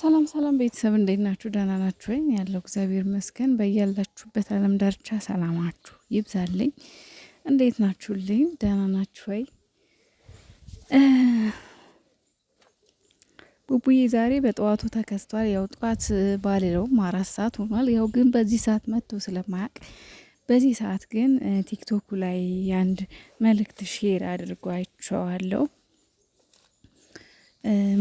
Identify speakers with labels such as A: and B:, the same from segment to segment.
A: ሰላም ሰላም ቤተሰብ እንዴት ናችሁ? ደህና ናችሁ ወይ? ያለው እግዚአብሔር ይመስገን። በያላችሁበት ዓለም ዳርቻ ሰላማችሁ ይብዛልኝ። እንዴት ናችሁልኝ? ደህና ናችሁ ወይ? ቡቡዬ ዛሬ በጠዋቱ ተከስቷል። ያው ጠዋት ባልለውም አራት ሰዓት ሆኗል። ያው ግን በዚህ ሰዓት መጥቶ ስለማያውቅ በዚህ ሰዓት ግን ቲክቶኩ ላይ አንድ መልእክት ሼር አድርጓቸዋለሁ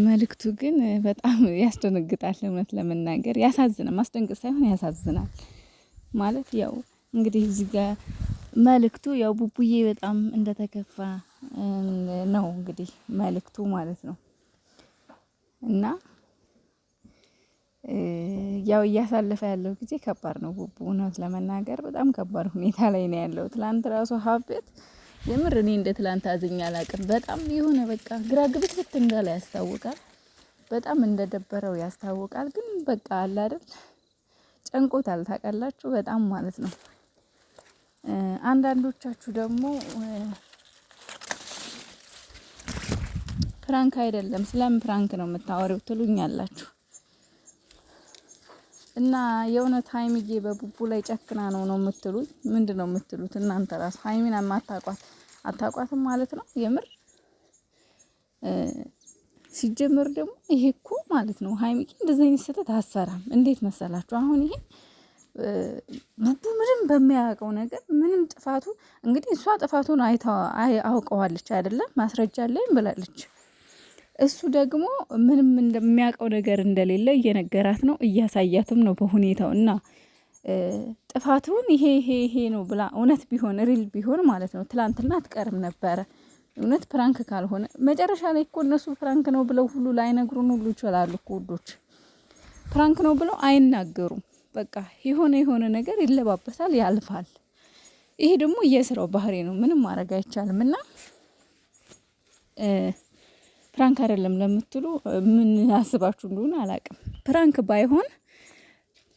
A: መልእክቱ ግን በጣም ያስደነግጣል። እውነት ለመናገር ያሳዝናል። ማስደንገጥ ሳይሆን ያሳዝናል። ማለት ያው እንግዲህ እዚህ ጋር መልእክቱ ያው ቡቡዬ በጣም እንደተከፋ ነው እንግዲህ መልእክቱ ማለት ነው። እና ያው እያሳለፈ ያለው ጊዜ ከባድ ነው። ቡቡ እውነት ለመናገር በጣም ከባድ ሁኔታ ላይ ነው ያለው። ትላንት ራሱ ሀብት የምር እኔ እንደ ትላንት አዝኛ አላቅም። በጣም የሆነ በቃ ግራ ግብት እንዳለ ያስታውቃል። በጣም እንደደበረው ያስታውቃል። ግን በቃ አለ አይደል ጨንቆታል። ታውቃላችሁ በጣም ማለት ነው። አንዳንዶቻችሁ ደግሞ ፕራንክ አይደለም ስለምን ፕራንክ ነው የምታወሪው ትሉኛላችሁ። እና የእውነት ሀይሚዬ በቡቡ ላይ ጨክና ነው ነው የምትሉኝ? ምንድን ነው የምትሉት እናንተ ራሱ ሀይሚን የማታውቋት አታውቋትም ማለት ነው። የምር ሲጀመር ደግሞ ይሄ እኮ ማለት ነው ሀይሚቂ እንደዚህ አይነት ስህተት አሰራም። እንዴት መሰላችሁ? አሁን ይሄ መቡ ምንም በሚያውቀው ነገር ምንም ጥፋቱ እንግዲህ እሷ ጥፋቱን አውቀዋለች አይደለም፣ ማስረጃ አለኝ ብላለች። እሱ ደግሞ ምንም እንደሚያውቀው ነገር እንደሌለ እየነገራት ነው፣ እያሳያትም ነው በሁኔታው እና ጥፋቱን ይሄ ይሄ ይሄ ነው ብላ እውነት ቢሆን ሪል ቢሆን ማለት ነው ትላንትና አትቀርም ነበረ። እውነት ፕራንክ ካልሆነ መጨረሻ ላይ እኮ እነሱ ፕራንክ ነው ብለው ሁሉ ላይነግሩን ሁሉ ይችላሉ እኮ ውዶች። ፕራንክ ነው ብለው አይናገሩም። በቃ የሆነ የሆነ ነገር ይለባበሳል፣ ያልፋል። ይሄ ደግሞ የስራው ባህሪ ነው። ምንም ማድረግ አይቻልም። እና ፕራንክ አይደለም ለምትሉ ምን ያስባችሁ እንደሆነ አላውቅም። ፕራንክ ባይሆን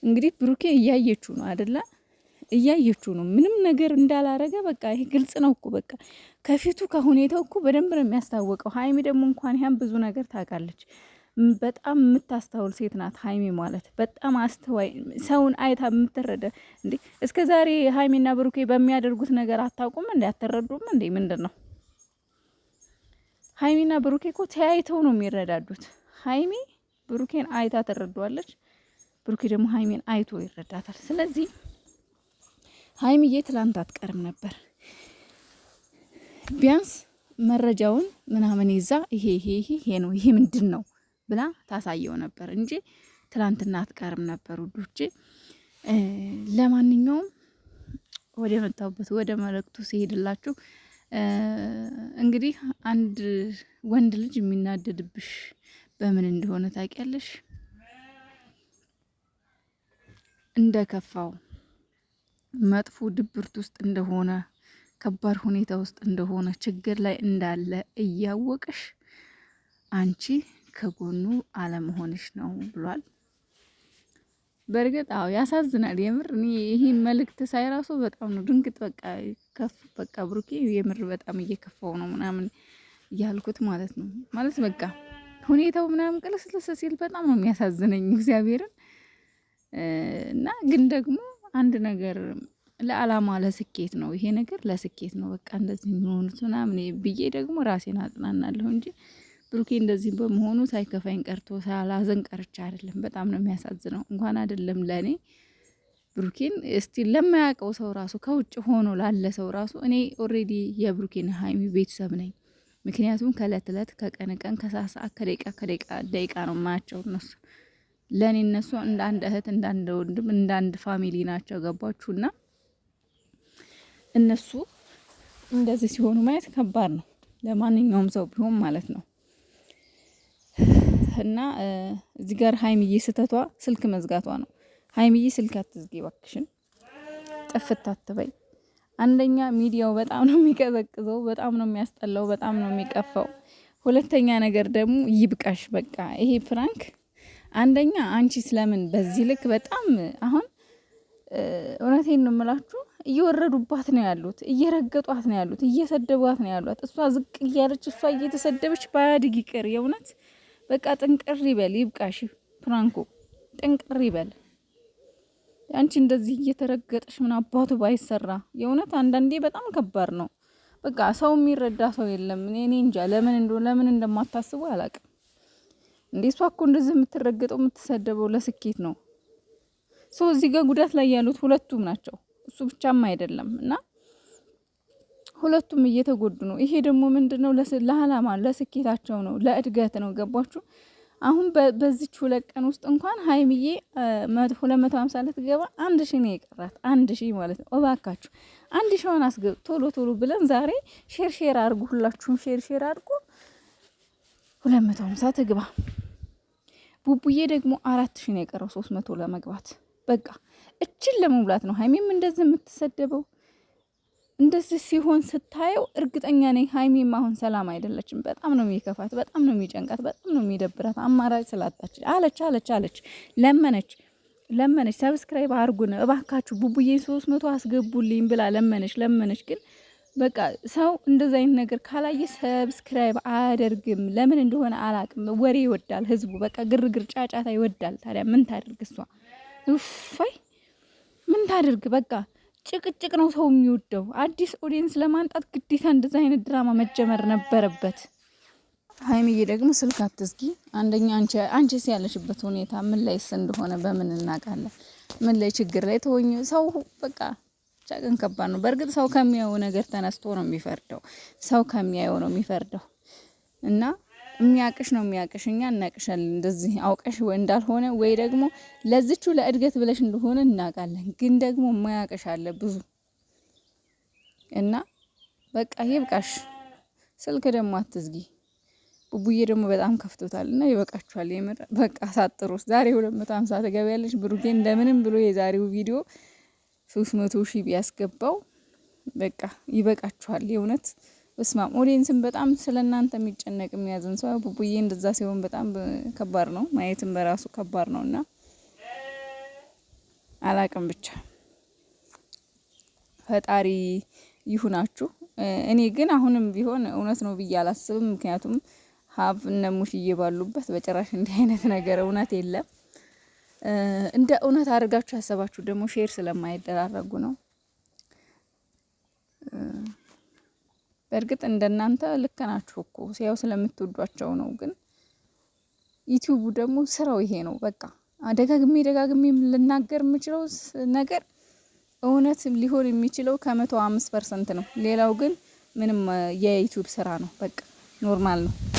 A: እንግዲህ ብሩኬ እያየችው ነው አደላ እያየችው ነው። ምንም ነገር እንዳላረገ በቃ ይሄ ግልጽ ነው እኮ በቃ ከፊቱ ከሁኔታው እኮ በደንብ ነው የሚያስታወቀው። ሀይሚ ደግሞ እንኳን ያን ብዙ ነገር ታውቃለች። በጣም የምታስተውል ሴት ናት ሀይሚ ማለት በጣም አስተዋይ፣ ሰውን አይታ የምትረደ እንዴ። እስከ ዛሬ ሀይሚና ብሩኬ በሚያደርጉት ነገር አታውቁም እንዴ? አትረዱም እንዴ? ምንድን ነው ሀይሚና ብሩኬ እኮ ተያይተው ነው የሚረዳዱት። ሀይሚ ብሩኬን አይታ ትረዷለች? ብሩኬ ደግሞ ሀይሜን አይቶ ይረዳታል። ስለዚህ ሀይምዬ ትላንት አትቀርም ነበር ቢያንስ መረጃውን ምናምን ይዛ ይሄ ይሄ ይሄ ይሄ ነው ይሄ ምንድን ነው ብላ ታሳየው ነበር እንጂ ትላንትና አትቀርም ነበር ውዶቼ። ለማንኛውም ወደ መጣሁበት ወደ መልእክቱ ሲሄድላችሁ እንግዲህ አንድ ወንድ ልጅ የሚናደድብሽ በምን እንደሆነ ታውቂያለሽ። እንደከፋው መጥፎ ድብርት ውስጥ እንደሆነ ከባድ ሁኔታ ውስጥ እንደሆነ ችግር ላይ እንዳለ እያወቅሽ አንቺ ከጎኑ አለመሆንሽ ነው ብሏል። በእርግጥ አዎ ያሳዝናል። የምር እኔ ይህን መልእክት ሳይ ራሱ በጣም ነው ድንግጥ። በቃ ከፍ በቃ ብሩኬ የምር በጣም እየከፋው ነው ምናምን እያልኩት ማለት ነው ማለት በቃ ሁኔታው ምናምን ቅልስልስ ሲል በጣም ነው የሚያሳዝነኝ እግዚአብሔርን እና ግን ደግሞ አንድ ነገር ለዓላማ ለስኬት ነው ይሄ ነገር ለስኬት ነው በቃ እንደዚህ የሚሆኑት ምናምን ብዬ ደግሞ ራሴን አጽናናለሁ እንጂ ብሩኬ እንደዚህ በመሆኑ ሳይከፋኝ ቀርቶ ሳላዘን ቀርቻ አይደለም። በጣም ነው የሚያሳዝነው። እንኳን አይደለም ለእኔ ብሩኬን እስቲ ለማያውቀው ሰው ራሱ ከውጭ ሆኖ ላለ ሰው ራሱ እኔ ኦሬዲ የብሩኬን ሀይሚ ቤተሰብ ነኝ። ምክንያቱም ከእለት እለት ከቀን ቀን ከሰዓት ሰዓት ከደቂቃ ከደቂቃ ደቂቃ ነው ማያቸው እነሱ ለእኔ እነሱ እንደ አንድ እህት እንደ አንድ ወንድም እንደ አንድ ፋሚሊ ናቸው። ገባችሁና እነሱ እንደዚህ ሲሆኑ ማየት ከባድ ነው ለማንኛውም ሰው ቢሆን ማለት ነው። እና እዚህ ጋር ሀይሚዬ ስህተቷ ስልክ መዝጋቷ ነው። ሀይሚዬ ስልክ አትዝጊ ባክሽን፣ ጥፍት አትበይ። አንደኛ ሚዲያው በጣም ነው የሚቀዘቅዘው፣ በጣም ነው የሚያስጠላው፣ በጣም ነው የሚቀፋው። ሁለተኛ ነገር ደግሞ ይብቃሽ፣ በቃ ይሄ ፕራንክ አንደኛ አንቺ ስለምን በዚህ ልክ በጣም አሁን እውነቴን ነው የምላችሁ፣ እየወረዱባት ነው ያሉት፣ እየረገጧት ነው ያሉት፣ እየሰደቧት ነው ያሏት። እሷ ዝቅ እያለች እሷ እየተሰደበች ባያድግ ይቅር። የእውነት በቃ ጥንቅር ይበል፣ ይብቃሽ ፍራንኮ፣ ጥንቅር ይበል። አንቺ እንደዚህ እየተረገጠሽ ምን አባቱ ባይሰራ። የእውነት አንዳንዴ በጣም ከባድ ነው። በቃ ሰው የሚረዳ ሰው የለም። እኔ እንጃ ለምን እንደማታስቡ አላቅም። እንዴ እሷ እኮ እንደዚህ የምትረገጠው የምትሰደበው ለስኬት ነው። ሶ እዚህ ጋር ጉዳት ላይ ያሉት ሁለቱም ናቸው። እሱ ብቻም አይደለም እና ሁለቱም እየተጎዱ ነው። ይሄ ደግሞ ምንድን ነው? ለስኬታቸው ነው፣ ለእድገት ነው። ገባችሁ? አሁን በዚች ሁለት ቀን ውስጥ እንኳን ሀይምዬ ሁለት መቶ ሀምሳ ልትገባ አንድ ሺ ነው የቀራት፣ አንድ ሺ ማለት ነው። እባካችሁ አንድ ሺውን አስገብ ቶሎ ቶሎ ብለን ዛሬ ሼር ሼር አድርጉ፣ ሁላችሁም ሼር ሼር አድርጉ። ሁለት መቶ ሀምሳ ትግባ። ቡቡዬ ደግሞ አራት ሺ ነው የቀረው ሶስት መቶ ለመግባት በቃ እችን ለመሙላት ነው። ሀይሜም እንደዚህ የምትሰደበው እንደዚህ ሲሆን ስታየው እርግጠኛ ነኝ ሀይሜም አሁን ሰላም አይደለችም። በጣም ነው የሚከፋት፣ በጣም ነው የሚጨንቃት፣ በጣም ነው የሚደብራት። አማራጭ ስላጣች አለች አለች አለች ለመነች ለመነች ሰብስክራይብ አድርጉን እባካችሁ ቡቡዬን ሶስት መቶ አስገቡልኝ ብላ ለመነች ለመነች ግን በቃ ሰው እንደዚህ አይነት ነገር ካላየ ሰብስክራይብ አያደርግም። ለምን እንደሆነ አላቅም። ወሬ ይወዳል ህዝቡ፣ በቃ ግርግር፣ ጫጫታ ይወዳል። ታዲያ ምን ታደርግ እሷ ፋይ ምን ታደርግ? በቃ ጭቅጭቅ ነው ሰው የሚወደው። አዲስ ኦዲየንስ ለማንጣት ግዴታ እንደዚህ አይነት ድራማ መጀመር ነበረበት። ሀይሚዬ ደግሞ ስልክ አትዝጊ። አንደኛ አንቺስ ያለሽበት ሁኔታ ምን ላይስ እንደሆነ በምን እናውቃለን? ምን ላይ ችግር ላይ ተወኝ ሰው በቃ ብቻ ግን ከባድ ነው። በእርግጥ ሰው ከሚያየው ነገር ተነስቶ ነው የሚፈርደው። ሰው ከሚያየው ነው የሚፈርደው እና የሚያቅሽ ነው የሚያቅሽ። እኛ እናቅሻለን እንደዚህ አውቀሽ እንዳልሆነ ወይ ደግሞ ለዝቹ ለእድገት ብለሽ እንደሆነ እናውቃለን። ግን ደግሞ የማያቅሽ አለ ብዙ እና በቃ ይብቃሽ። ስልክ ደግሞ አትዝጊ። ቡቡዬ ደግሞ በጣም ከፍቶታል እና ይበቃችኋል። የምር በቃ ሳጥሩ ዛሬ ሁለት መቶ ሀምሳ ትገቢያለሽ። ብሩጌ እንደምንም ብሎ የዛሬው ቪዲዮ ሶስት መቶ ሺህ ቢያስገባው በቃ ይበቃችኋል። የእውነት በስማም ኦዲየንስን በጣም ስለ እናንተ የሚጨነቅ የሚያዝን ሰው ቡቡዬ እንደዛ ሲሆን በጣም ከባድ ነው፣ ማየትም በራሱ ከባድ ነው እና አላቅም ብቻ ፈጣሪ ይሁናችሁ። እኔ ግን አሁንም ቢሆን እውነት ነው ብዬ አላስብም። ምክንያቱም ሀብ እነ ሙሽዬ ባሉበት በጭራሽ እንዲህ አይነት ነገር እውነት የለም። እንደ እውነት አድርጋችሁ ያሰባችሁ ደግሞ ሼር ስለማይደራረጉ ነው። በእርግጥ እንደናንተ ልክ ናችሁ እኮ ያው ስለምትወዷቸው ነው። ግን ዩቲዩቡ ደግሞ ስራው ይሄ ነው። በቃ ደጋግሜ ደጋግሜ ልናገር የምችለው ነገር እውነት ሊሆን የሚችለው ከመቶ አምስት ፐርሰንት ነው። ሌላው ግን ምንም የዩቲዩብ ስራ ነው። በቃ ኖርማል ነው።